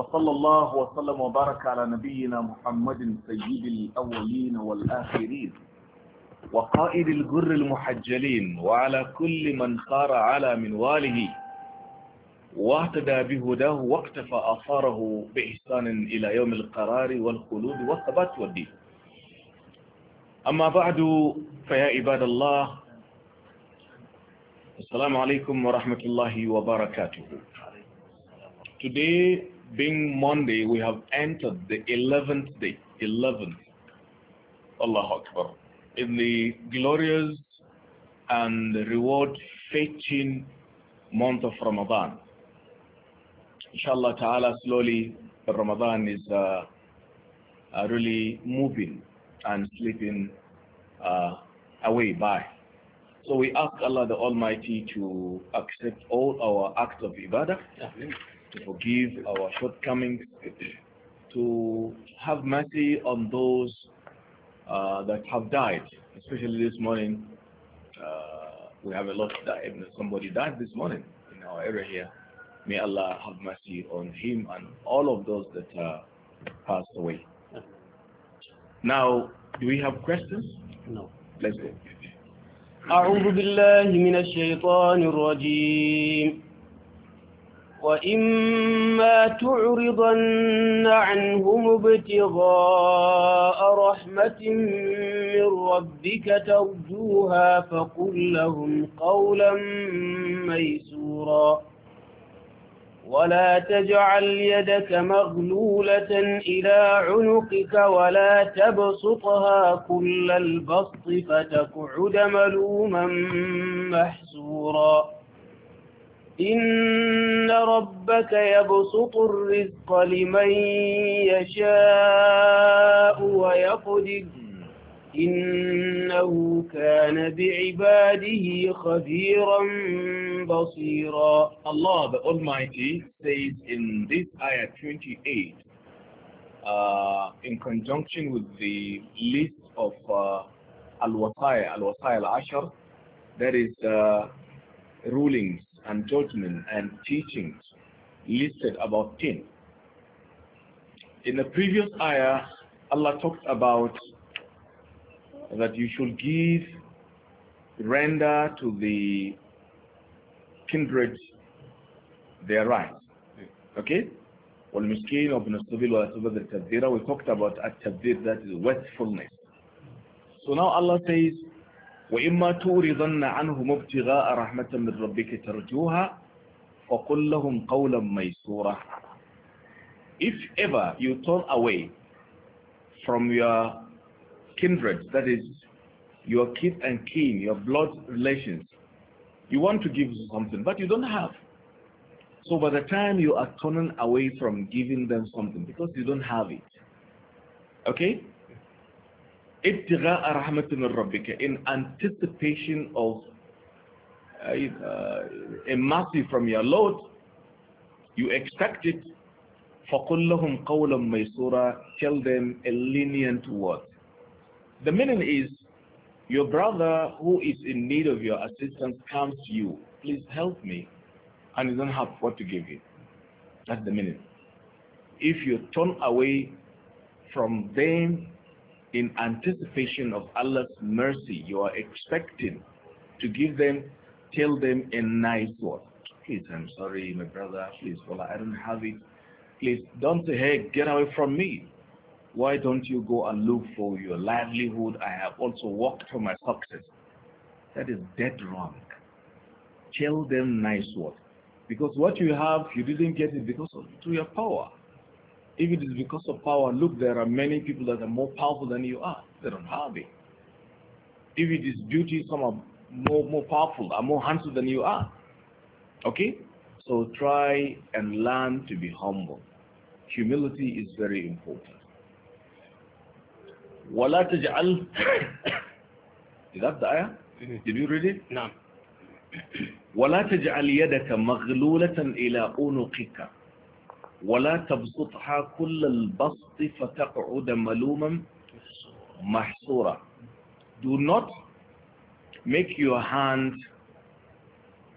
وصلى الله وسلم وبارك على نبينا محمد سيد الأولين والآخرين وقائد الجر المحجلين وعلى كل من خار على منواله واهتدى بهداه واقتفى آثاره بإحسان إلى يوم القرار والخلود والثبات والدين أما بعد فيا عباد الله السلام عليكم ورحمة الله وبركاته Today being Monday, we have entered the 11th day, 11th. Allahu Akbar. In the glorious and reward-fetching month of Ramadan. Inshallah ta'ala, slowly, Ramadan is uh, uh, really moving and slipping uh, away by. So we ask Allah the Almighty to accept all our acts of ibadah. Yeah to forgive our shortcomings, to have mercy on those uh, that have died, especially this morning. Uh, we have a lot died. Somebody died this morning in our area here. May Allah have mercy on him and all of those that uh, passed away. Now, do we have questions? No. Let's go. أعوذ بالله من الشيطان الرجيم وإما تعرضن عنهم ابتغاء رحمة من ربك ترجوها فقل لهم قولا ميسورا ولا تجعل يدك مغلولة إلى عنقك ولا تبسطها كل البسط فتقعد ملوما محسورا إن ربك يبسط الرزق لمن يشاء ويقدر إنه كان بعباده خبيرا بصيرا Allah the Almighty says in this ayah 28 uh, in conjunction with the list of uh, al-wasaya al-wasaya al-ashar that is uh, rulings and judgment and teachings listed about 10. In the previous ayah, Allah talked about that you should give render to the kindred their rights. Okay? we talked about at that is wastefulness so now Allah says وإما تورضن عنهم ابتغاء رحمة من ربك ترجوها فقل لهم قولا ميسورا If ever you turn away from your kindred, that is your kith and kin, your blood relations, you want to give something, but you don't have. So by the time you are turning away from giving them something, because you don't have it, okay? in anticipation of uh, uh, a mercy from your Lord you expect it فقل لهم قولا tell them a lenient word the meaning is your brother who is in need of your assistance comes to you please help me and you don't have what to give him that's the meaning if you turn away from them in anticipation of Allah's mercy, you are expecting to give them, tell them a nice word. Please, I'm sorry, my brother. Please, well, I don't have it. Please, don't say, hey, get away from me. Why don't you go and look for your livelihood? I have also worked for my success. That is dead wrong. Tell them nice words. Because what you have, you didn't get it because of, through your power. If it is because of power, look, there are many people that are more powerful than you are. They don't have it. If it is beauty, some are more, more powerful, are more handsome than you are. Okay? So try and learn to be humble. Humility is very important. وَلَا تَجْعَلْ Is that the ayah? Mm-hmm. Did you read it? No. وَلَا تَجْعَلْ يَدَكَ مَغْلُولَةً إِلَىٰ أُنُقِكَ ولا تبسطها كل البسط فتقعد ملوما محصورا do not make your hand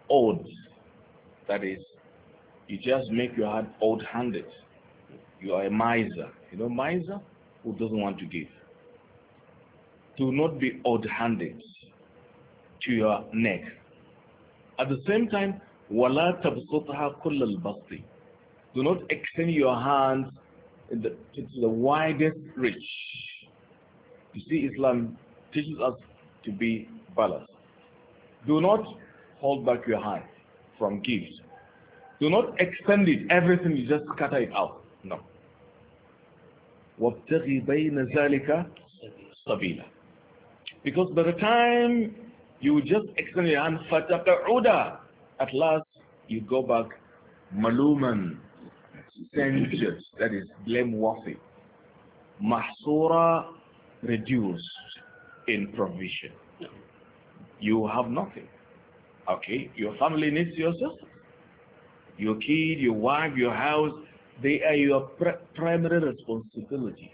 old that is you just make your hand old-handed you are a miser you know miser who doesn't want to give do not be old-handed to your neck at the same time وَلَا تَبْسُطْهَا كُلَّ الْبَسْطِ do not extend your hands the, to the widest reach. You see, Islam teaches us to be balanced. Do not hold back your hand from gifts. Do not extend it, everything, you just scatter it out. No. Because by the time you just extend your hand, At last, you go back maluman, censured, that is blameworthy. Mahsura, reduced in provision. You have nothing. Okay, your family needs your sister, your kid, your wife, your house. They are your primary responsibility.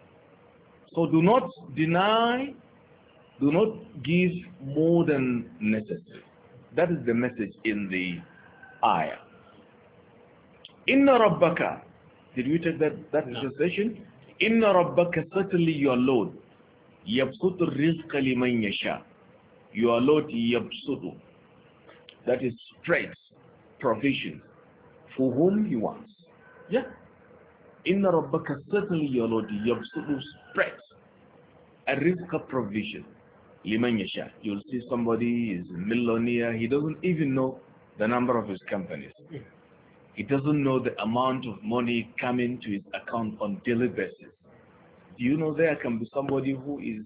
So do not deny, do not give more than necessary. That is the message in the ayah. Inna rabbaka did we take that, that no. translation? Inna rabbaka certainly your Lord. Yabsutu rizqa liman yasha. Your Lord yabsutu. That is straight provision for whom he wants. Yeah. Inna rabbaka certainly your Lord yabsutu spread a rizqa provision. Liman yasha. You'll see somebody is a millionaire. He doesn't even know the number of his companies. He doesn't know the amount of money coming to his account on daily basis. Do you know there can be somebody who is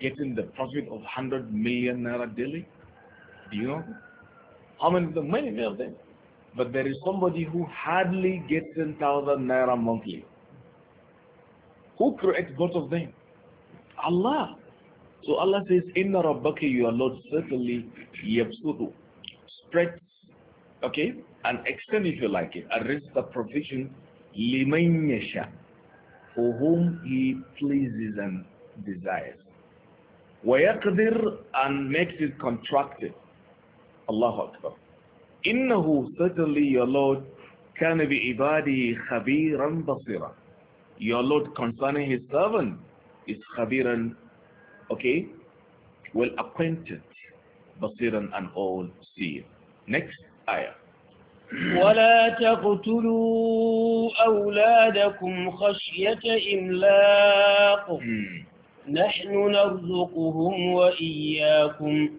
getting the profit of 100 million naira daily? Do you know? How many of them? Many of them. But there is somebody who hardly gets 10,000 naira monthly. Who creates both of them? Allah. So Allah says, Inna Rabbaki, are Lord, certainly, yabsutu, Spread, okay, and extend if you like it, a risk of provision, liman for whom he pleases and desires. وَيَقْدِرْ and makes it contracted. Allahu Akbar. إِنَّهُ certainly your Lord كَانَ بِعِبَادِهِ خَبِيرًا بَصِيرًا Your Lord concerning his servant is khabiran, okay, well acquainted, basiran and all see. Next ayah. ولا تقتلوا أولادكم خشية إملاق نحن نرزقهم وإياكم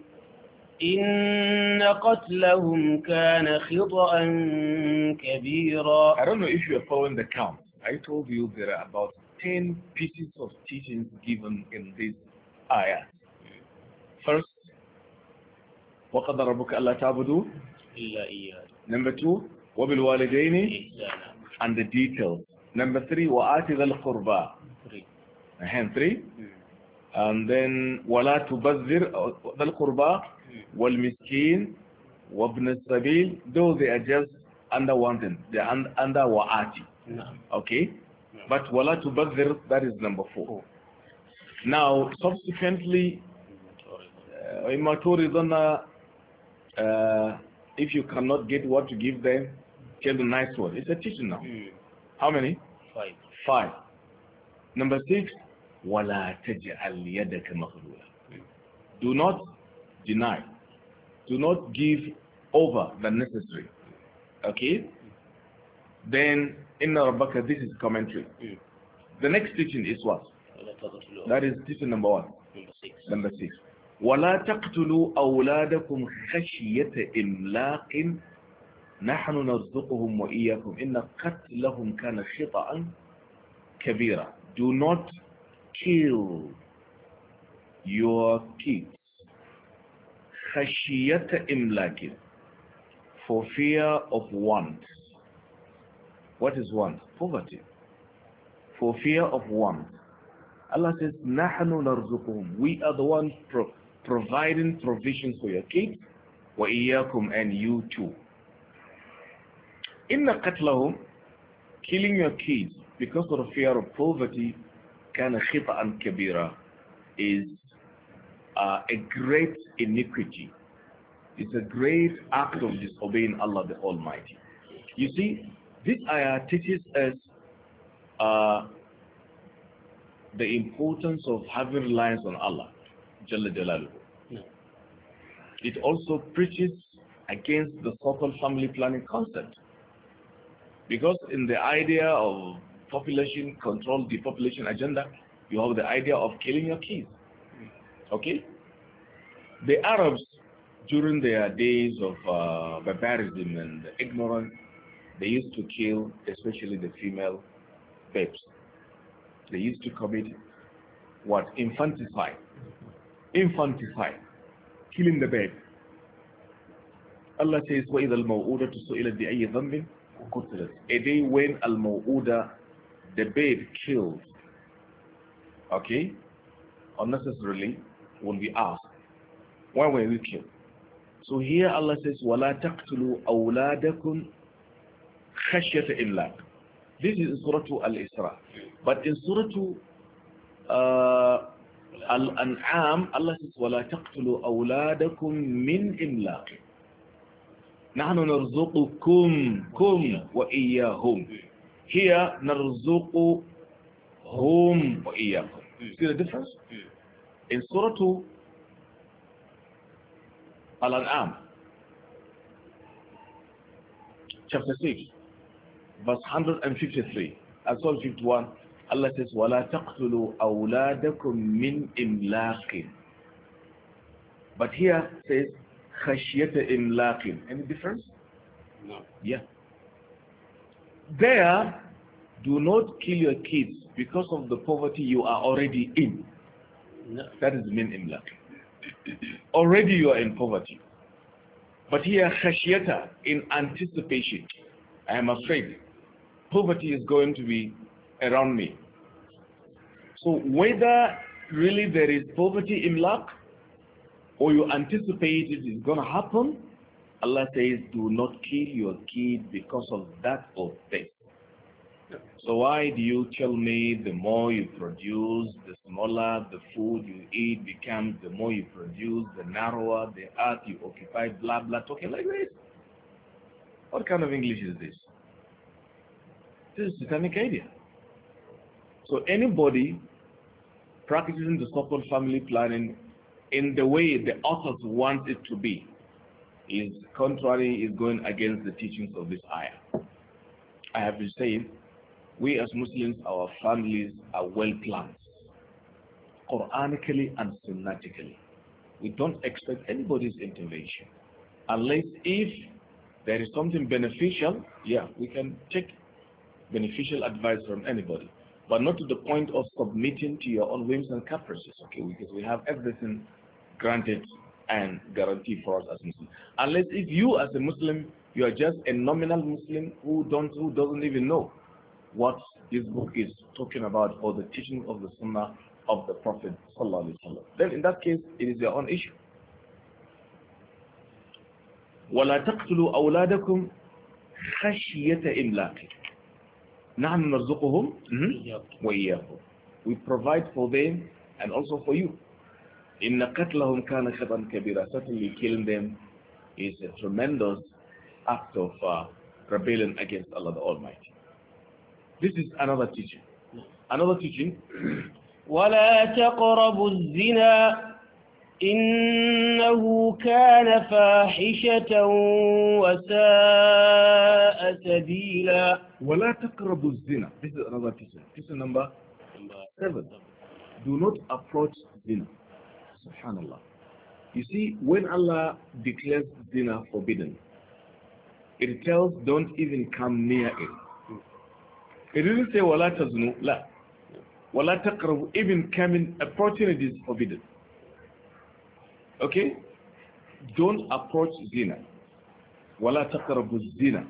إن قتلهم كان خطأ كبيرا I don't know if you are following the count. I told you there are about 10 pieces of teachings given in this ayah. First, وَقَدَ رَبُكَ أَلَّا تَعْبُدُوا إِلَّا إِيَّاهُ Number two, wabil walidaini and the detail. Number three, wa'ati dhal qurba. And three. Uh, mm. And then wala tubazzir dhal qurba wal miskin wabn sabil. Though they are just under one thing. They are under wa'ati. Okay? But wala tubazzir, that is number four. Now, subsequently, immaturi uh, if you cannot get what to give them, tell the nice one. It's a teaching now. Mm. How many? Five. Five. Number six, Do not deny. Do not give over the necessary. Okay? Then, in Rabbaka, this is commentary. Mm. The next teaching is what? That is teaching number one. Number six. Number six. ولا تقتلوا أولادكم خشية إملاق نحن نرزقهم وإياكم إن قتلهم كان خطأ كبيرا do not kill your kids خشية إملاق for fear of want what is want? poverty for fear of want Allah says نحن نرزقهم we are the ones providing provision for your kids, iya'kum and you too. the قَتْلَهُمْ Killing your kids because of the fear of poverty كَانَ an kabira, is uh, a great iniquity. It's a great act of disobeying Allah the Almighty. You see, this ayah teaches us uh, the importance of having reliance on Allah. Jalla hmm. It also preaches against the so-called family planning concept. Because in the idea of population control, depopulation agenda, you have the idea of killing your kids. Hmm. Okay? The Arabs, during their days of uh, barbarism and ignorance, they used to kill, especially the female babes. They used to commit what? Infanticide infanticide, killing the baby. Allah says, وَإِذَا الْمَوْءُودَةُ سُئِلَتْ بِأَيِّ ذَنْبٍ وَقُتِلَتْ A day when al-maw'uda, the babe killed, okay, unnecessarily, will be asked, why were you killed? So here Allah says, وَلَا تَقْتُلُوا أَوْلَادَكُمْ خَشْيَةَ la." This is in Surah Al-Isra. But in Surah uh, الأنعام الله says ولا تقتلوا أولادكم من إملاق نحن نرزقكم كم وإياهم هي نرزقهم وإياهم see the difference in Surah 2 Al-An'am chapter 6 verse 153 as well 51 Allah says wala taqtulu awladakum min imlaqin but here says khashyata imlaqin any difference no yeah there do not kill your kids because of the poverty you are already in no. that is min imlaqin already you are in poverty but here khashyata in anticipation i am afraid poverty is going to be around me so whether really there is poverty in luck or you anticipate it is going to happen, Allah says, do not kill your kid because of that this." So why do you tell me the more you produce, the smaller the food you eat becomes, the more you produce, the narrower the earth you occupy, blah, blah, talking like this? What kind of English is this? This is satanic idea. So anybody practicing the so family planning in the way the authors want it to be is contrary, is going against the teachings of this ayah. I have been saying, we as Muslims, our families are well planned, Quranically and Sunnatically. We don't expect anybody's intervention. Unless if there is something beneficial, yeah, we can take beneficial advice from anybody but not to the point of submitting to your own whims and caprices, okay? Because we have everything granted and guaranteed for us as Muslims. Unless if you as a Muslim, you are just a nominal Muslim who don't who doesn't even know what this book is talking about or the teaching of the Sunnah of the Prophet Then in that case, it is your own issue. وَلَا تَقْتُلُوا أَوْلَادَكُمْ خَشْيَةَ إِمْلَاقٍ نحن نرزقهم وإياكم we provide for them and also for you إن قتلهم كان خطأ كبيرا certainly killing them is a tremendous act of uh, rebellion against Allah the Almighty this is another teaching another teaching ولا تقربوا الزنا إنه كان فاحشة وساء سبيلا وَلَا تَقْرَبُوا الزِّنَا This is another teaching. Teaching number, seven. Do not approach zina. Subhanallah. You see, when Allah declares zina forbidden, it tells don't even come near it. It didn't say wala taznu, la. Wala taqrabu, even coming, approaching it is forbidden. Okay? Don't approach zina. Wala taqrabu zina.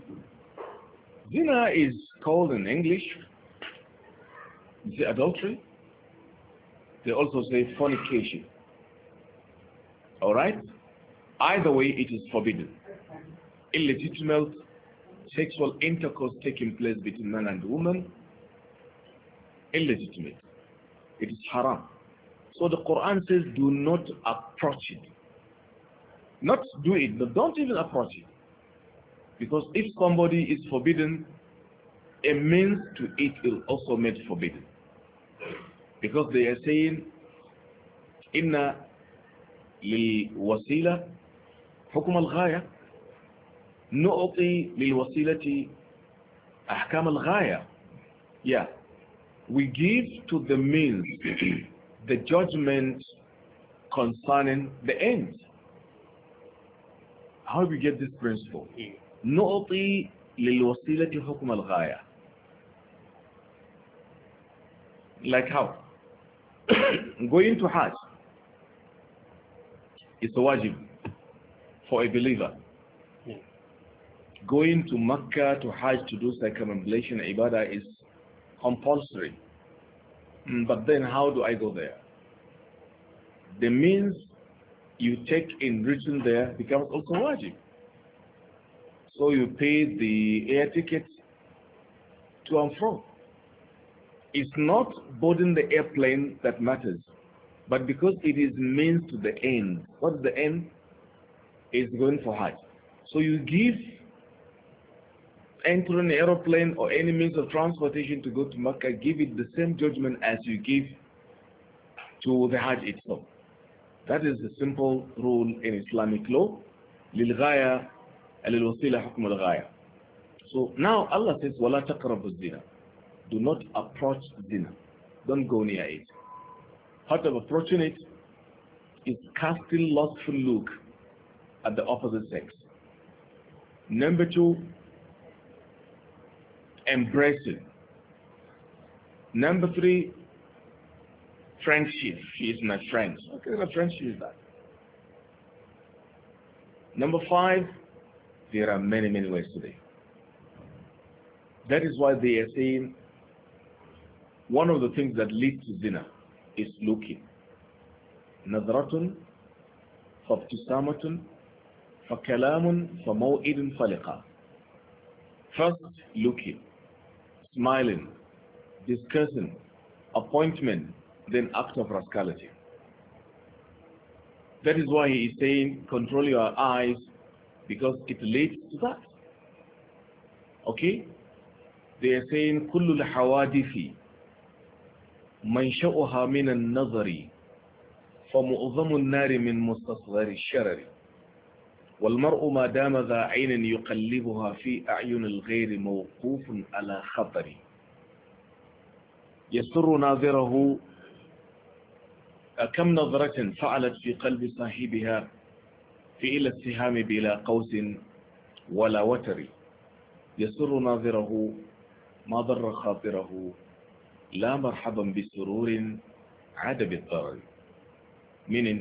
Zina is called in English the adultery. They also say fornication. All right? Either way, it is forbidden. Illegitimate sexual intercourse taking place between man and woman, illegitimate. It is haram. So the Quran says, do not approach it. Not do it, but don't even approach it. Because if somebody is forbidden, a means to it is also made forbidden. Because they are saying, al للوسيلة حكم الغاية wasilati ahkam al الغاية yeah we give to the means the judgment concerning the end how do we get this principle hmm. نعطي للوسيلة حكم الغاية like how going to Hajj is a wajib for a believer going to Makkah to Hajj to do circumambulation ibadah is compulsory mm, but then how do I go there the means you take in written there becomes also wajib so you pay the air ticket to and from. It's not boarding the airplane that matters, but because it is means to the end. What's the end? It's going for Hajj. So you give entering an aeroplane or any means of transportation to go to Mecca, give it the same judgment as you give to the Hajj itself. That is the simple rule in Islamic law. حكم الغاية so now Allah says ولا تقربوا الزنا do not approach zina don't go near it part of approaching it is casting lustful look at the opposite sex number two embracing number three friendship she is my friend what kind of friendship is that number five there are many, many ways today. That is why they are saying one of the things that leads to zina is looking. نظرة فابتسامة فكلام فموئد فلقة First, looking, smiling, discussing, appointment, then act of rascality. That is why he is saying, control your eyes because it leads to that. Okay? They are saying, كل الحوادث منشأها من النظر فمؤظم النار من مستصغر الشرر والمرء ما دام ذا عين يقلبها في أعين الغير موقوف على خطر يسر ناظره كم نظرة فعلت في قلب صاحبها السهام بلا قوس ولا وتر يسر ناظره ما ضر خاطره لا مرحبا بسرور عاد بالضرر meaning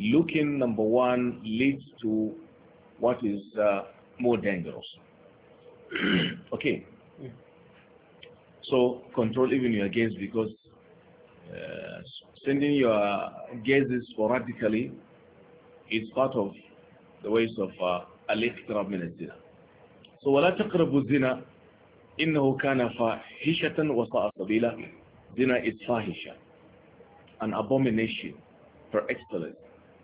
looking number one leads to what is uh, more dangerous okay so control even your gaze because uh, sending your gazes sporadically is part of the ways of uh, al-iqtirab min al-zina. So, وَلَا تَقْرَبُ الزِّنَا إِنَّهُ كَانَ فَاحِشَةً وَصَاءَ سَبِيلًا Zina is fahisha, an abomination for excellence.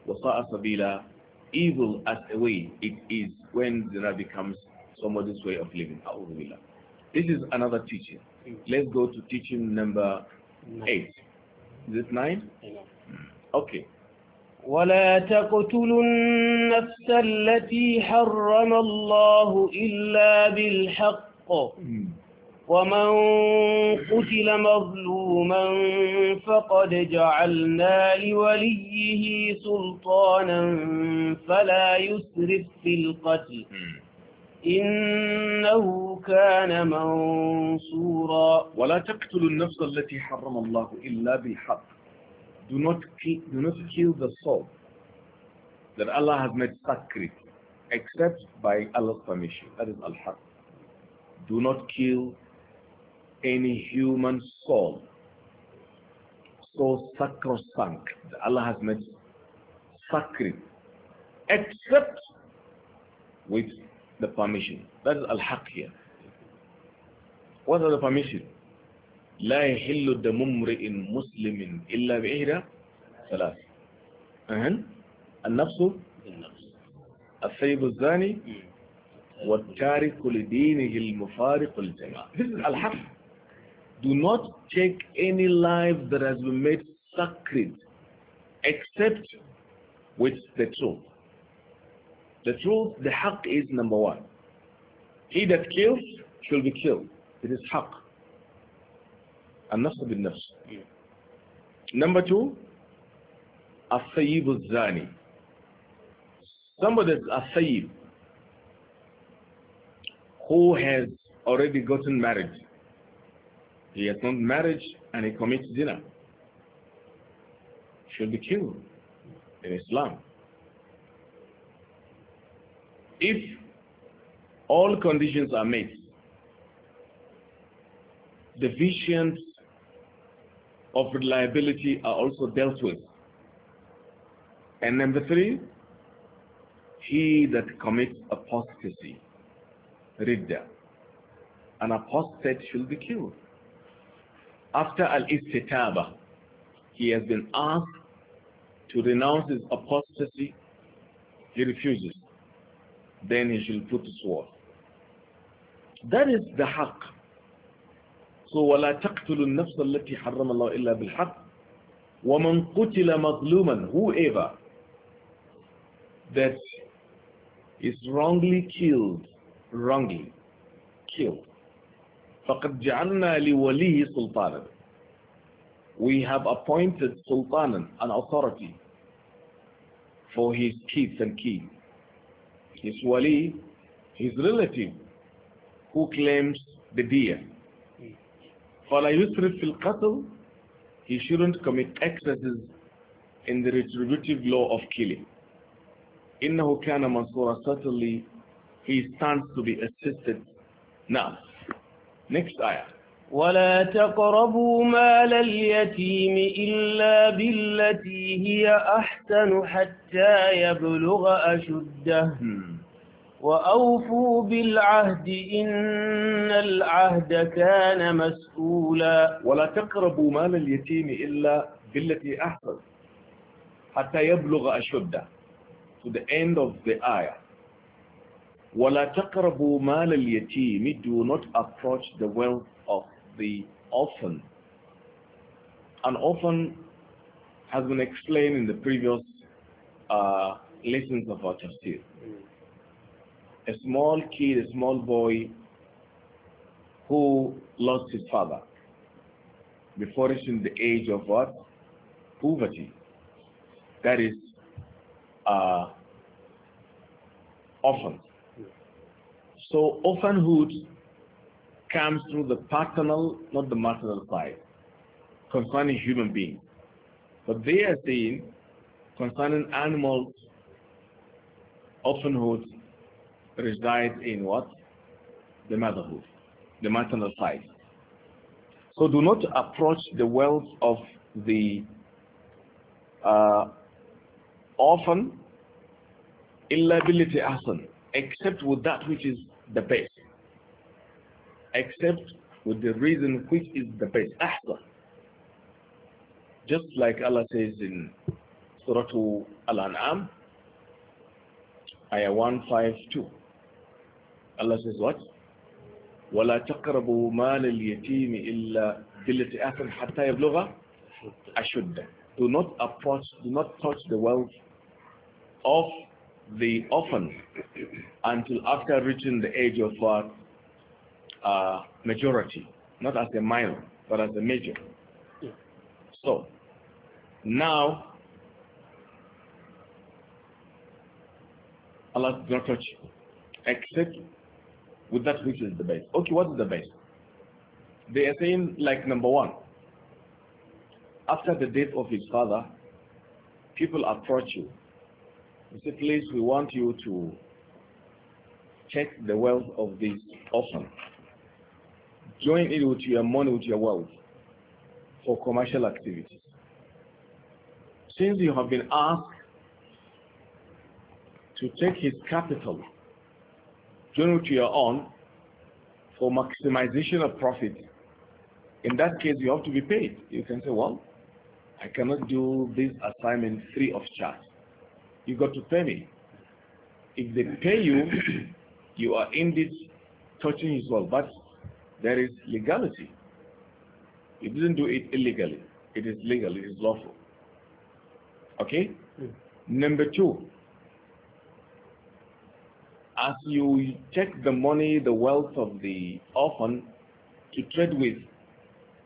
وَصَاءَ سَبِيلًا Evil as a way it is when zina becomes somebody's way of living. This is another teaching. Let's go to teaching number 8. Is it 9? Okay. ولا تقتلوا النفس التي حرم الله إلا بالحق ومن قتل مظلوما فقد جعلنا لوليه سلطانا فلا يسرف في القتل إنه كان منصورا ولا تقتلوا النفس التي حرم الله إلا بالحق do not kill, do not kill the soul that Allah has made sacred except by Allah's permission. That is al-haq. Do not kill any human soul so sacrosanct that Allah has made sacred except with the permission. That is al-haq here. What are the permission? لا يحل دم امرئ مسلم إلا بإحدى ثلاث أهن النفس الثيب الزاني والتارك لدينه المفارق الجماعة This is Do not take any life that has been made sacred except with the truth. The truth, the haq is number one. He that kills should be killed. It is haq. النفس بالنفس number two الثيب الزاني somebody is a thayib who has already gotten married he has not married and he commits zina should be killed in Islam if all conditions are met the vision of reliability are also dealt with. And number three, he that commits apostasy, ridda, an apostate should be killed. After al-istitaba, he has been asked to renounce his apostasy. He refuses. Then he shall put to sword. That is the haqq so ولا تقتل النفس التي حرم الله إلا بالحق ومن قتل مظلوما whoever that is wrongly killed wrongly killed فقد جعلنا لولي سلطانا we have appointed سلطانا an authority for his kids and kin his wali his relative who claims the deer For فَلَا يُسْرِفْ فِي الْقَتْلِ He shouldn't commit excesses in the retributive law of killing. إِنَّهُ كَانَ مَنْصُورًا Certainly, he stands to be assisted. Now, next ayah. ولا تقربوا مال اليتيم إلا بالتي هي أحسن حتى يبلغ أشده hmm. وأوفوا بالعهد إن العهد كان مسؤولا ولا تقربوا مال اليتيم إلا بالتي أحسن حتى يبلغ أشده to the end of the ayah ولا تقربوا مال اليتيم do not approach the wealth of the orphan an orphan has been explained in the previous uh, lessons of our tafsir mm. a small kid, a small boy who lost his father before reaching the age of what? Poverty. That is uh, orphan. So orphanhood comes through the paternal, not the maternal side, concerning human beings. But they are saying concerning animals, orphanhood resides in what? The motherhood, the maternal side. So do not approach the wealth of the uh, orphan illability, billati except with that which is the best except with the reason which is the best ahsan just like Allah says in Surah Al-An'am ayah 152 Allah says what? وَلَا تَقْرَبُوا مَالَ الْيَتِيمِ إِلَّا بِالَّتِ أَحْسَنْ حَتَّى يَبْلُغَ أَشُدَّ Do not approach, do not touch the wealth of the orphan until after reaching the age of what? Uh, majority. Not as a minor, but as a major. So, now, Allah does not touch except with that which is the best. Okay, what is the best? They are saying like number one, after the death of his father, people approach you. They say, please, we want you to check the wealth of this orphan. Join it with your money, with your wealth for commercial activities. Since you have been asked to take his capital Journal which you are on for maximization of profit, in that case, you have to be paid. You can say, well, I cannot do this assignment free of charge. You got to pay me. If they pay you, you are indeed touching his well, but there is legality. You didn't do it illegally. It is legal. It is lawful. Okay? Hmm. Number two, as you take the money, the wealth of the orphan to trade with,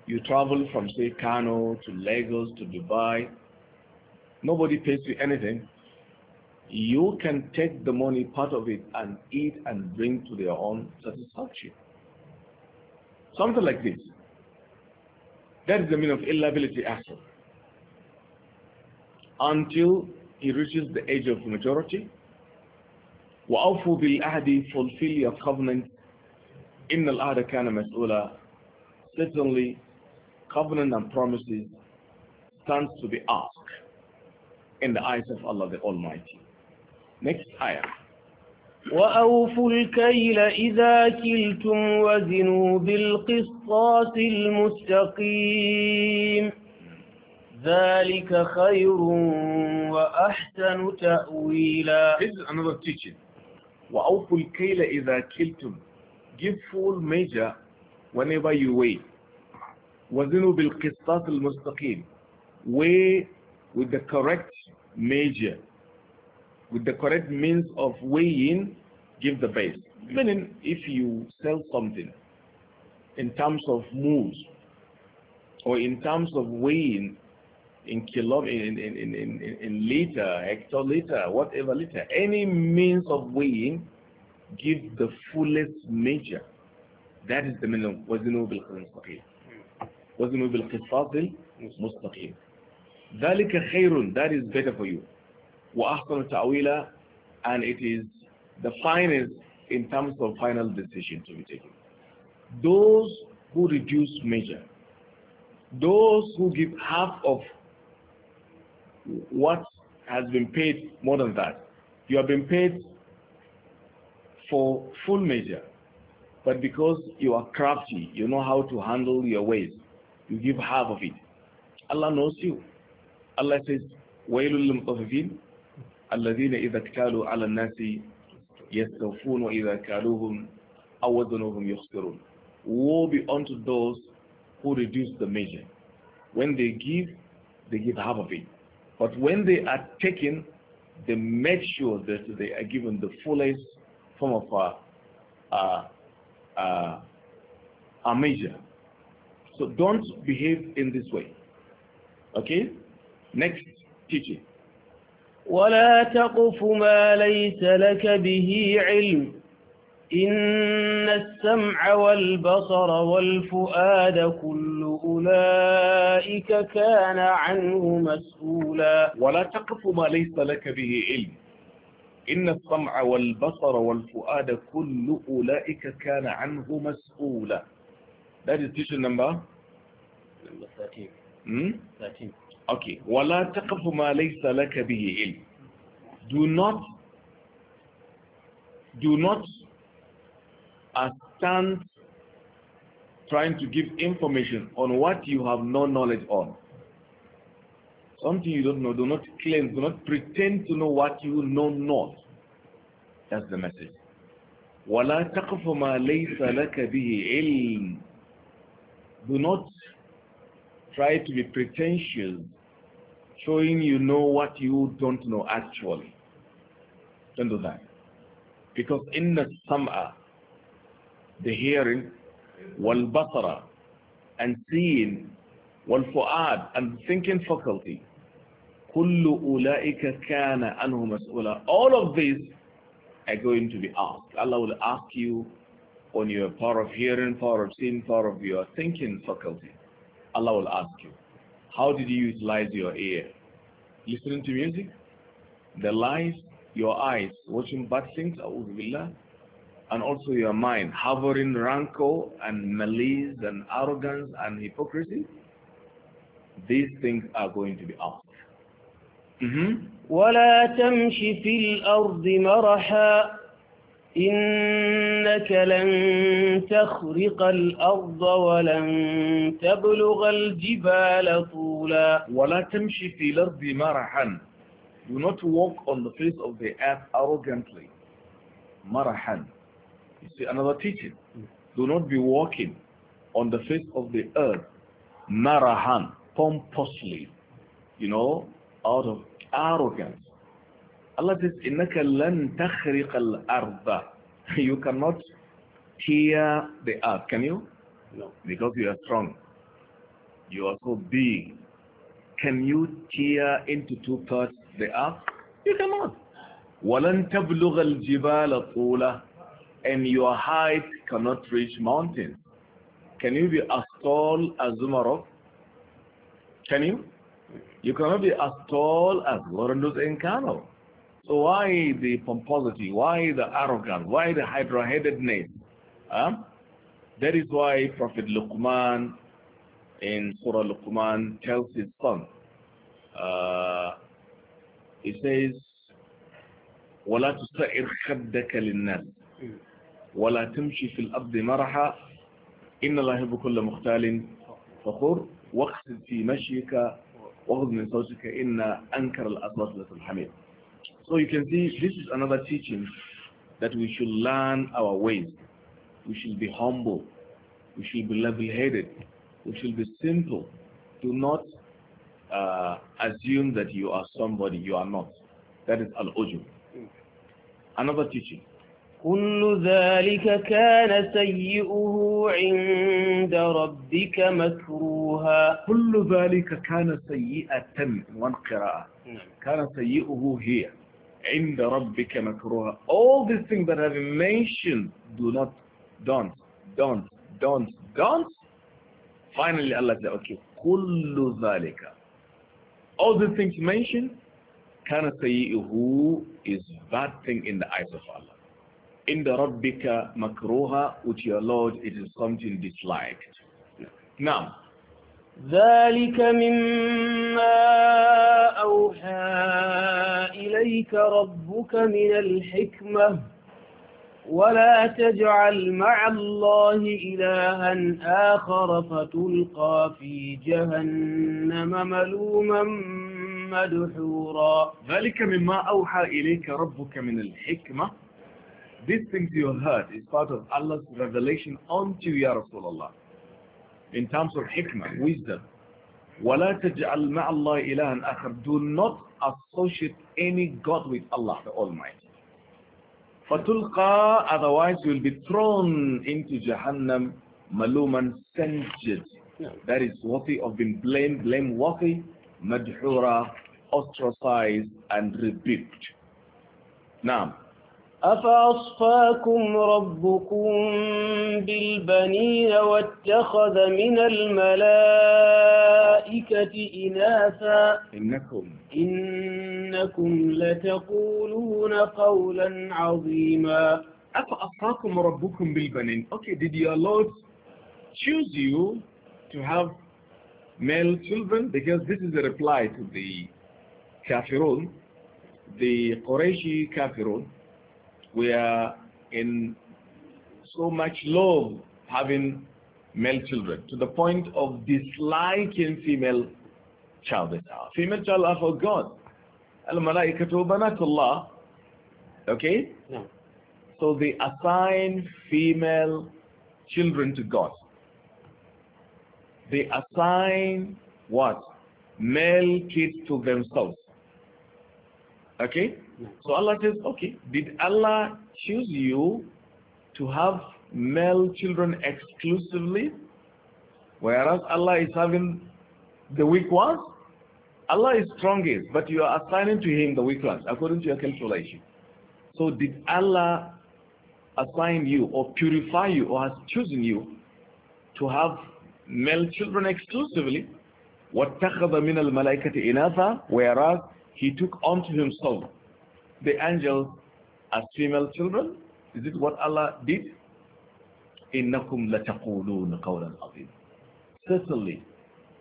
you travel from, say, Kano to Lagos to Dubai, nobody pays you anything. You can take the money, part of it, and eat and drink to their own satisfaction. Something like this. That is the meaning of illability asset. Until he reaches the age of majority, وأوفوا بالعهد fulfill your covenant إن العهد كان مسؤولا certainly covenant and promises stands to be asked in the eyes of Allah the Almighty next ayah وأوفوا الكيل إذا كلتم وزنوا بالقصاص المستقيم ذلك خير وأحسن تأويلا This is another teaching Give full measure whenever you weigh. Weigh with the correct measure. With the correct means of weighing, give the base. Meaning, if you sell something in terms of moves, or in terms of weighing in kilo, in, in, in, in, liter, hectoliter, whatever liter, any means of weighing, give the fullest measure. That is the minimum. وزنوا بالقسط وزنوا بالقسط المستقيم ذلك خير that is better for you وأحسن تأويلا and it is the finest in terms of final decision to be taken those who reduce measure those who give half of what has been paid more than that. You have been paid for full measure, but because you are crafty, you know how to handle your ways, you give half of it. Allah knows you. Allah says, وَيْلُ لِلْمُطَفِّفِينَ الَّذِينَ إِذَا اكْتَالُوا عَلَى النَّاسِ يَسْتَوْفُونَ وَإِذَا كَالُوهُمْ أَوَّذُنُوهُمْ يُخْسِرُونَ Woe be unto those who reduce the measure. When they give, they give half of it. But when they are taken, they make sure that they are given the fullest form of uh, uh, uh a measure. So don't behave in this way. Okay? Next teaching. ولا تقف ما ليس لك به علم إن السمع والبصر والفؤاد كل أولئك كان عنه مسؤولا ولا تقف ما ليس لك به علم إن السمع والبصر والفؤاد كل أولئك كان عنه مسؤولا That is teacher number? Number 13. Hmm? Okay. ولا تقف ما ليس لك به علم. Do not do not are stand trying to give information on what you have no knowledge on. Something you don't know, do not claim, do not pretend to know what you know not. That's the message. وَلَا تَقْفُ مَا لَيْسَ لَكَ بِهِ عِلْمٍ Do not try to be pretentious, showing you know what you don't know actually. Don't do that. Because in the summer the hearing, wal-basara, and seeing, wal-fu'ad, and thinking faculty. كُلُّ أُولَٰئِكَ كَانَ أَنْهُ مَسْؤُولًا All of these are going to be asked. Allah will ask you on your power of hearing, power of seeing, power of your thinking faculty. Allah will ask you, how did you utilize your ear? Listening to music? The lies, your eyes, watching bad things, and also your mind, harboring rancor and malice and arrogance and hypocrisy, these things are going to be out. Mm-hmm. ولا في الأرض مرحا إنك لن تخرق الأرض ولن تبلغ الجبال طولا ولا تمشي في الأرض مرحا Do not walk on the face of the earth arrogantly. مرحا See, another teaching. Do not be walking on the face of the earth, marahan, pompously, you know, out of arrogance. Allah says, إِنَّكَ لَن تَخْرِقَ الْأَرْضَ You cannot tear the earth, can you? No. Because you are strong. You are so big. Can you tear into two parts the earth? You cannot. وَلَن تَبْلُغَ الْجِبَالَ طُولَهُ and your height cannot reach mountains. Can you be as tall as Zumarok? Can you? You cannot be as tall as Lorenzo Encano. So why the pomposity? Why the arrogance? Why the hydra-headedness? Huh? That is why Prophet Luqman in Surah Luqman tells his son, uh, he says, وَلَا تُسَئِرْ خَدَّكَ لِلنَّاسِ ولا تمشي في الأرض مرحا إن الله مختال فخور واقصد في مشيك من صوتك إن أنكر الأصوات So you can see this is another teaching that we should learn our ways. We should be humble. We should be level-headed. We should be simple. Do not uh, assume that you are somebody you are not. That is al-ujub. Another teaching. كل ذلك كان سيئه عند ربك مكروها كل ذلك كان سيئة وانقراءة كان سيئه هي عند ربك مكروها all these things that have been mentioned do not don't don't don't don't finally Allah said okay كل ذلك all the things mentioned كان سيئه is bad thing in the eyes of Allah عند ربك مكروها with your Lord it is something disliked نعم ذلك مما أوحى إليك ربك من الحكمة ولا تجعل مع الله إلها آخر فتلقى في جهنم ملوما مدحورا ذلك مما أوحى إليك ربك من الحكمة These things you heard is part of Allah's revelation unto you, Ya Rasulullah. In terms of hikmah, wisdom. وَلَا تَجْعَلْ مَعَ اللَّهِ إِلَهًا أَخَرٍ Do not associate any God with Allah, the Almighty. فَتُلْقَى Otherwise you will be thrown into Jahannam, maluman censured. That is worthy of being blamed, blameworthy, madhura, ostracized and rebuked. Now, أفأصفاكم ربكم بالبنين واتخذ من الملائكة إناثا إنكم إنكم لتقولون قولا عظيما أفأصفاكم ربكم بالبنين Okay, did your Lord choose you to have male children? Because this is a reply to the kafirun, the Qurayshi kafirun. We are in so much love having male children to the point of disliking female child. Female child are for God. al Okay? No. So they assign female children to God. They assign what? Male kids to themselves. Okay? So Allah says, okay, did Allah choose you to have male children exclusively? Whereas Allah is having the weak ones? Allah is strongest, but you are assigning to him the weak ones according to your calculation. So did Allah assign you or purify you or has chosen you to have male children exclusively? وَاتَّخَذَ مِنَ الْمَلَائِكَةِ إِنَاثًا Whereas he took unto himself the angels as female children? Is it what Allah did? إِنَّكُمْ لَتَقُولُونَ قَوْلًا عَظِيمًا Certainly,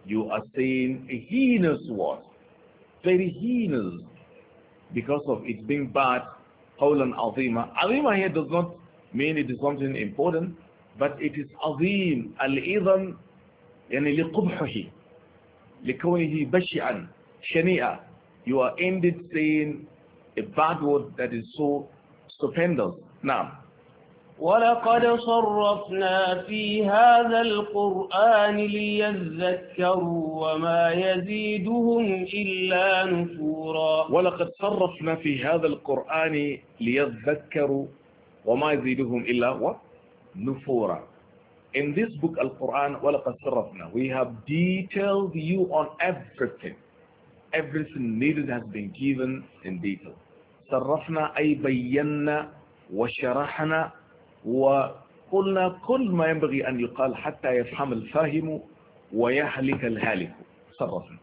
you are saying a heinous word, very heinous, because of it being bad, قَوْلًا عَظِيمًا عَظِيمًا here does not mean it is something important, but it is عظيم الإذن يعني لقبحه لكونه بشعا شنيعا you are ended saying a bad word that is so stupendous. Now, ولقد صرفنا في هذا القرآن ليذكروا وما يزيدهم إلا نفورا ولقد صرفنا في هذا القرآن ليذكروا وما يزيدهم إلا نفورا In this book, Al-Quran, وَلَقَدْ صَرَّفْنَا We have detailed you on everything. Everything needed has been given in detail. صرفنا أي بينا وشرحنا وقلنا كل ما ينبغي أن يقال حتى يفهم الفاهم ويهلك الهالك صرفنا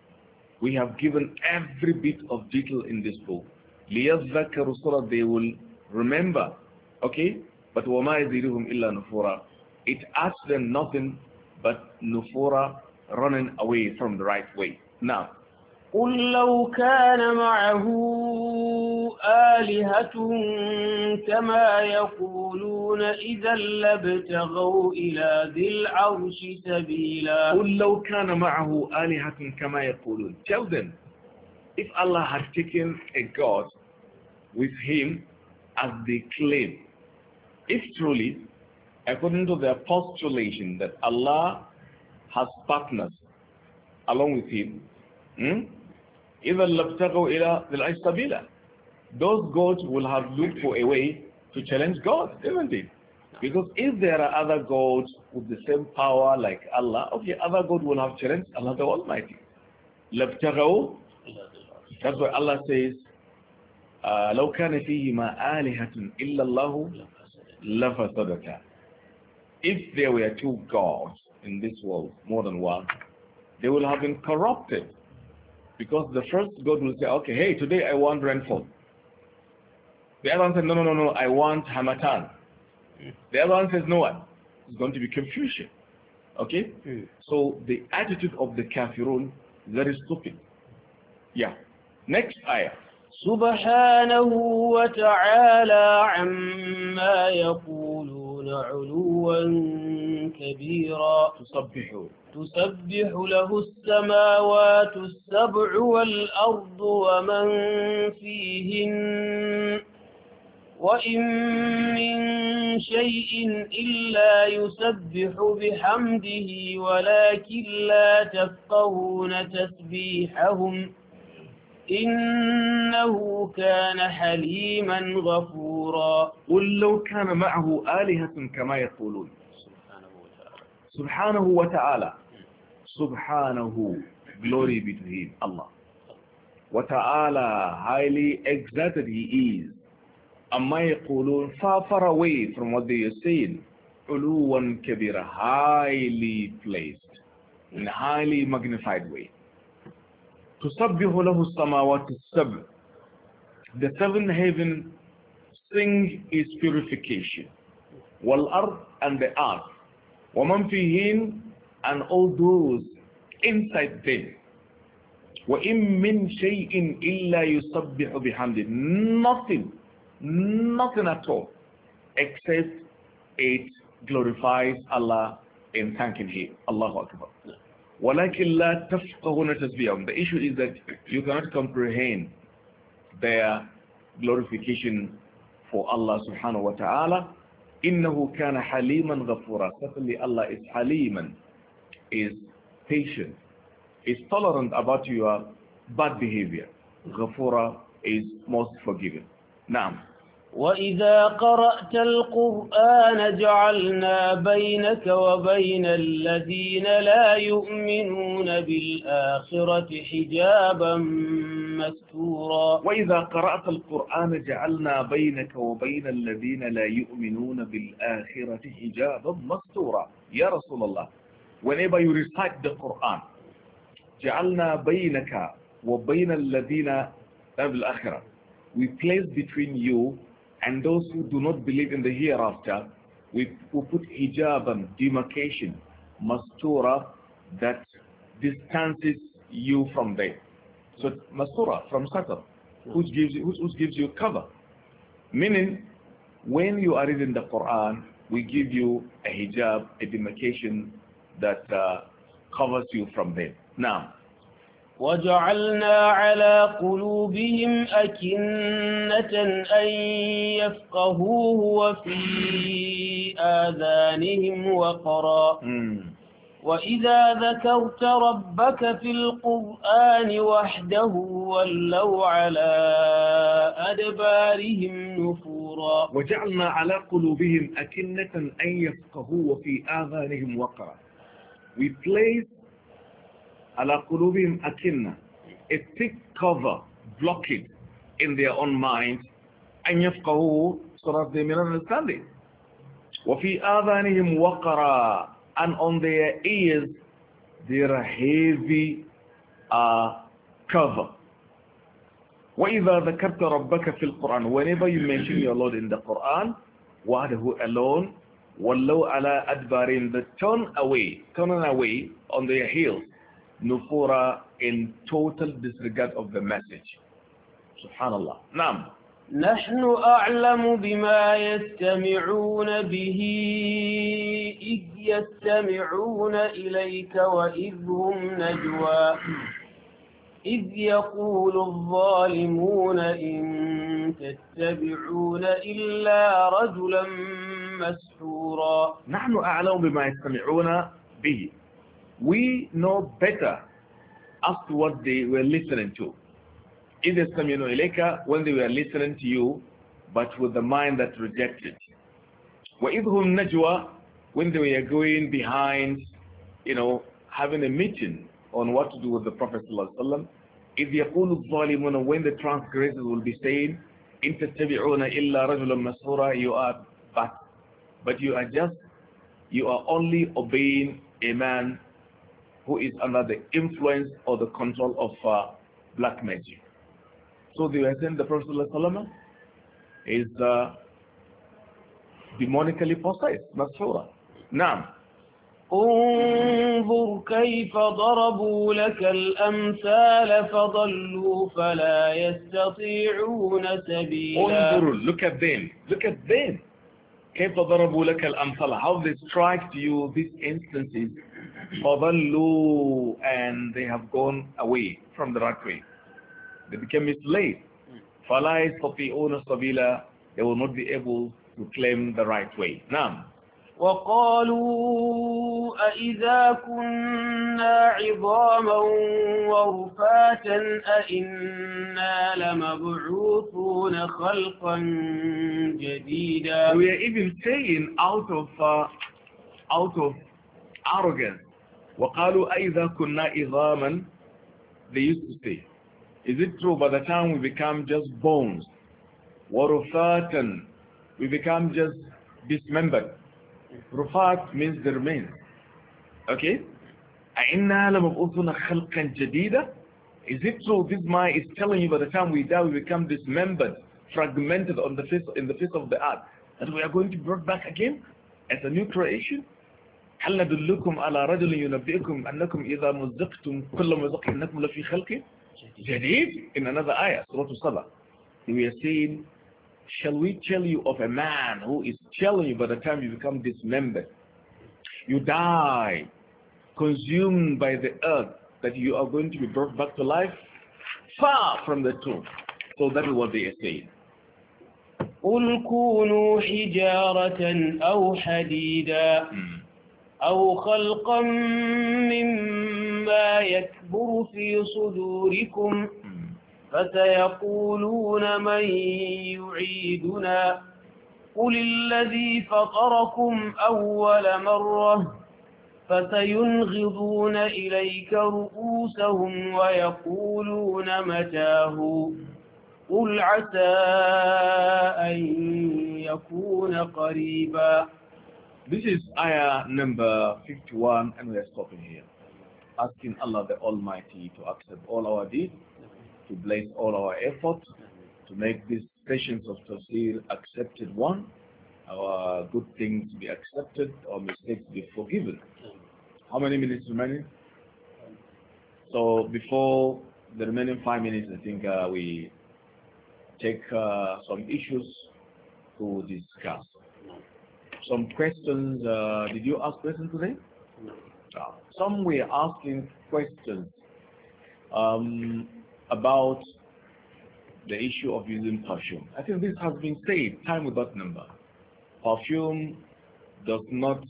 We have given every bit of detail in this book. ليذكروا صورة they will remember. Okay? But وما يزيدهم إلا نفورا. It asks them nothing but نفورا running away from the right way. Now, قل لو كان معه آلهتهم كما يقولون إذا لابتغوا إلى ذي العرش سبيلا قل لو كان معه آلهة كما يقولون Tell them if Allah had taken a God with him as they claim if truly according to their postulation that Allah has partners along with him hmm? إذا لابتغوا إلى ذي العرش سبيلا those gods will have looked for a way to challenge God, isn't it? Because if there are other gods with the same power like Allah, okay, other God will have challenged Allah the Almighty. That's why Allah says, لو uh, If there were two gods in this world, more than one, they will have been corrupted. Because the first God will say, okay, hey, today I want rainfall. The other one says, no, no, no, no, I want Hamatan. Mm. The other one says, no one. It's going to be confusion. Okay? Mm. So the attitude of the kafirun, very stupid. Yeah. Next ayah. سبحانه وتعالى عما يقولون علوا كبيرا تسبح تسبح له السماوات السبع والأرض ومن فيهن وإن من شيء إلا يسبح بحمده ولكن لا تفقهون تسبيحهم إنه كان حليما غفورا قل لو كان معه آلهة كما يقولون سبحانه وتعالى سبحانه glory be to him Allah وتعالى highly exalted he is أما يقولون far far away from what they are saying علوا كبيرا highly placed in a highly magnified way تسبح له السماوات السبع the seven heaven sing is purification والأرض and the earth ومن فيهن and all those inside them وإن من شيء إلا يسبح بحمده nothing Nothing at all, except it glorifies Allah in thanking Him. Allahu Akbar. وَلَكِنْ لَا تَفْقَهُونَ تَسْبِيَهُمْ The issue is that you cannot comprehend their glorification for Allah subhanahu wa ta'ala. إِنَّهُ كَانَ حَلِيمًا ghafura. Certainly Allah is haliman, is patient, is tolerant about your bad behavior. Ghafura is most forgiving. نعم وإذا قرأت القرآن جعلنا بينك وبين الذين لا يؤمنون بالآخرة حجابا مستورا وإذا قرأت القرآن جعلنا بينك وبين الذين لا يؤمنون بالآخرة حجابا مستورا يا رسول الله whenever you recite the Quran جعلنا بينك وبين الذين بالآخرة we place between you and those who do not believe in the hereafter, we, we put hijab and demarcation, mastura, that distances you from them. So mastura from Satan, which gives you, which, which gives you cover. Meaning, when you are reading the Quran, we give you a hijab, a demarcation that uh, covers you from them. Now, وجعلنا على قلوبهم أكنة أن يفقهوه وفي آذانهم وقرا وإذا ذكرت ربك في القرآن وحده ولوا على أدبارهم نفورا وجعلنا على قلوبهم أكنة أن يفقهوا وفي آذانهم وقرا We place akinna, a thick cover, block it in their own minds, and yafqahu so that they may not understand it. وَفِي آذَانِهِمْ وَقَرًا And on their ears, there are heavy uh, cover. وَإِذَا ذَكَرْتَ رَبَّكَ فِي الْقُرْآنِ Whenever you mention your Lord in the Quran, وَعْدَهُ alone, وَلَّوْ عَلَىٰ أَدْبَارِهِمْ the turn away, turn away on their heels. نفورا in total disregard of the message. سبحان الله نعم نحن أعلم بما يستمعون به إذ يستمعون إليك وإذ هم نجوى إذ يقول الظالمون إن تتبعون إلا رجلا مسحورا نحن أعلم بما يستمعون به we know better as to what they were listening to. In the Saminu when they were listening to you, but with the mind that rejected. وَإِذْهُمْ najwa when they were going behind, you know, having a meeting on what to do with the Prophet ﷺ, إِذْ يَقُولُ الظَّالِمُونَ when the transgressors will be saying, إِن تَتَّبِعُونَ إِلَّا you are but, but you are just, you are only obeying a man who is under the influence or the control of uh, black magic. So they were saying the Prophet is uh, demonically possessed, sure. Now, انظر كيف ضربوا لك الأمثال فضلوا فلا يستطيعون سبيلا انظر look at them look at them كيف ضربوا لك الأمثال how they strike you these instances فَضَلُّوا And they have gone away from the right way. They became misled. فَلَا يَسْتَطِيعُونَ سَبِيلًا They will not be able to claim the right way. Now, وقالوا أئذا كنا عظاما ورفاتا أئنا لمبعوثون خلقا جديدا We are even saying out of, uh, out of arrogance وَقَالُوا أَيْذَا كُنَّا إِظَامًا They used to say, is it true by the time we become just bones, وَرُفَاتًا We become just dismembered. Rufat means the remains. Okay? أَإِنَّا لَمَبْعُثُنَا خَلْقًا جَدِيدًا Is it true this mind is telling you by the time we die we become dismembered, fragmented on the face, in the face of the earth, that we are going to be brought back again as a new creation? هل ندلكم على رجل ينبئكم أنكم إذا مزقتم كل مزق إنكم لفي خلق جديد in another ayah سورة الصلاة we are saying shall we tell you of a man who is telling you by the time you become dismembered you die consumed by the earth that you are going to be brought back to life far from the tomb so that is what they are saying قل كونوا حجارة أو حديدا أو خلقا مما يكبر في صدوركم فسيقولون من يعيدنا قل الذي فطركم أول مرة فسينغضون إليك رؤوسهم ويقولون متاه قل عسى أن يكون قريباً This is ayah number 51 and we are stopping here. Asking Allah the Almighty to accept all our deeds, to bless all our efforts, to make these sessions of tafsir accepted one, our good things be accepted, our mistakes be forgiven. How many minutes remaining? So before the remaining five minutes, I think uh, we take uh, some issues to discuss some questions. Uh, did you ask questions today? No. Ah, some were asking questions um, about the issue of using perfume. I think this has been said time without number. Perfume does not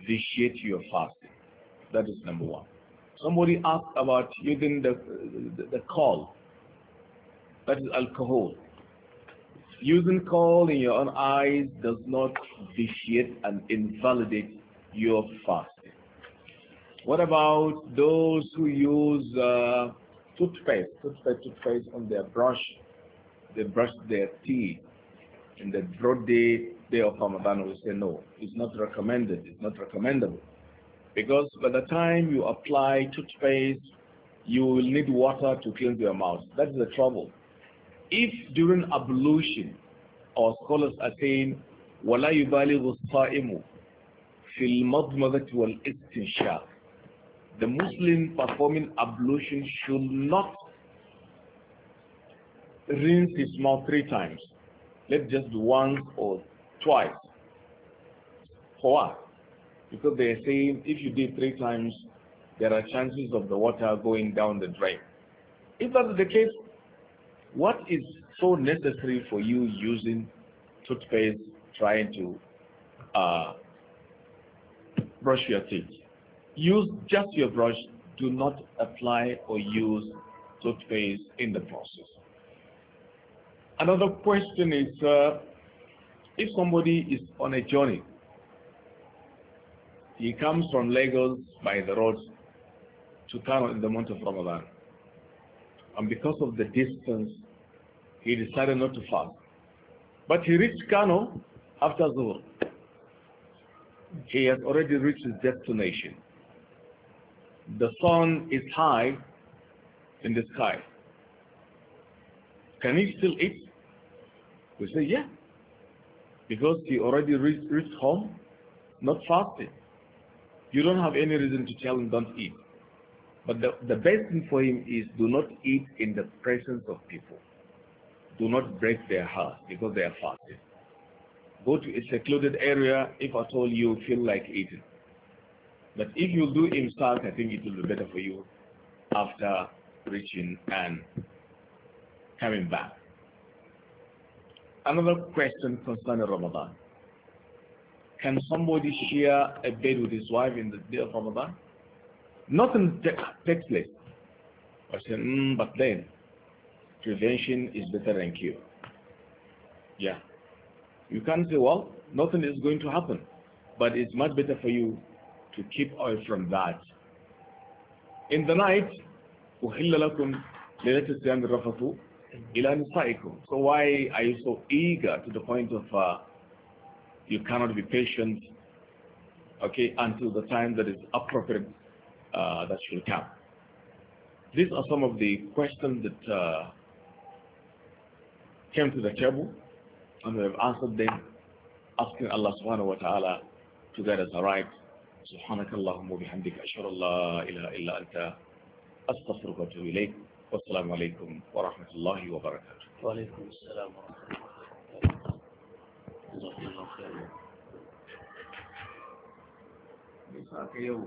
vitiate your fasting. That is number one. Somebody asked about using the, the, the call, that is alcohol using coal in your own eyes does not vitiate and invalidate your fasting. What about those who use uh, toothpaste, toothpaste, toothpaste on their brush? They brush their teeth in the broad day, day of Ramadan. We say no, it's not recommended. It's not recommendable because by the time you apply toothpaste, you will need water to cleanse your mouth. That is the trouble if during ablution our scholars are saying ولا يبالغ fil في wal والاستنشاق the Muslim performing ablution should not rinse his mouth three times. Let us just do once or twice. For what? Because they are saying if you do three times, there are chances of the water going down the drain. If that's the case, what is so necessary for you using toothpaste trying to uh, brush your teeth? Use just your brush. Do not apply or use toothpaste in the process. Another question is, uh, if somebody is on a journey, he comes from Lagos by the road to Kano in the month of Ramadan and because of the distance, he decided not to fast. But he reached Kano after Zuhr. He has already reached his destination. The sun is high in the sky. Can he still eat? We say, yeah. Because he already reached, reached home, not fasting. You don't have any reason to tell him don't eat. But the, the best thing for him is do not eat in the presence of people. Do not break their hearts because they are fasting. Go to a secluded area if at all you feel like eating. But if you do in imsak, I think it will be better for you after reaching and coming back. Another question concerning Ramadan. Can somebody share a bed with his wife in the day of Ramadan? Nothing takes place. I said, mm, but then, prevention is better than cure. Yeah. You can't say, well, nothing is going to happen. But it's much better for you to keep away from that. In the night, So why are you so eager to the point of uh, you cannot be patient, okay, until the time that is appropriate uh, that should come. These are some of the questions that uh, came to the table, and we have answered them, asking Allah subhanahu wa ta'ala to guide us aright. سبحانك اللهم وبحمدك أشهد أن لا إله إلا أنت أستغفرك وأتوب إليك والسلام عليكم ورحمة الله وبركاته. وعليكم السلام ورحمة الله وبركاته. جزاك الله خيرا.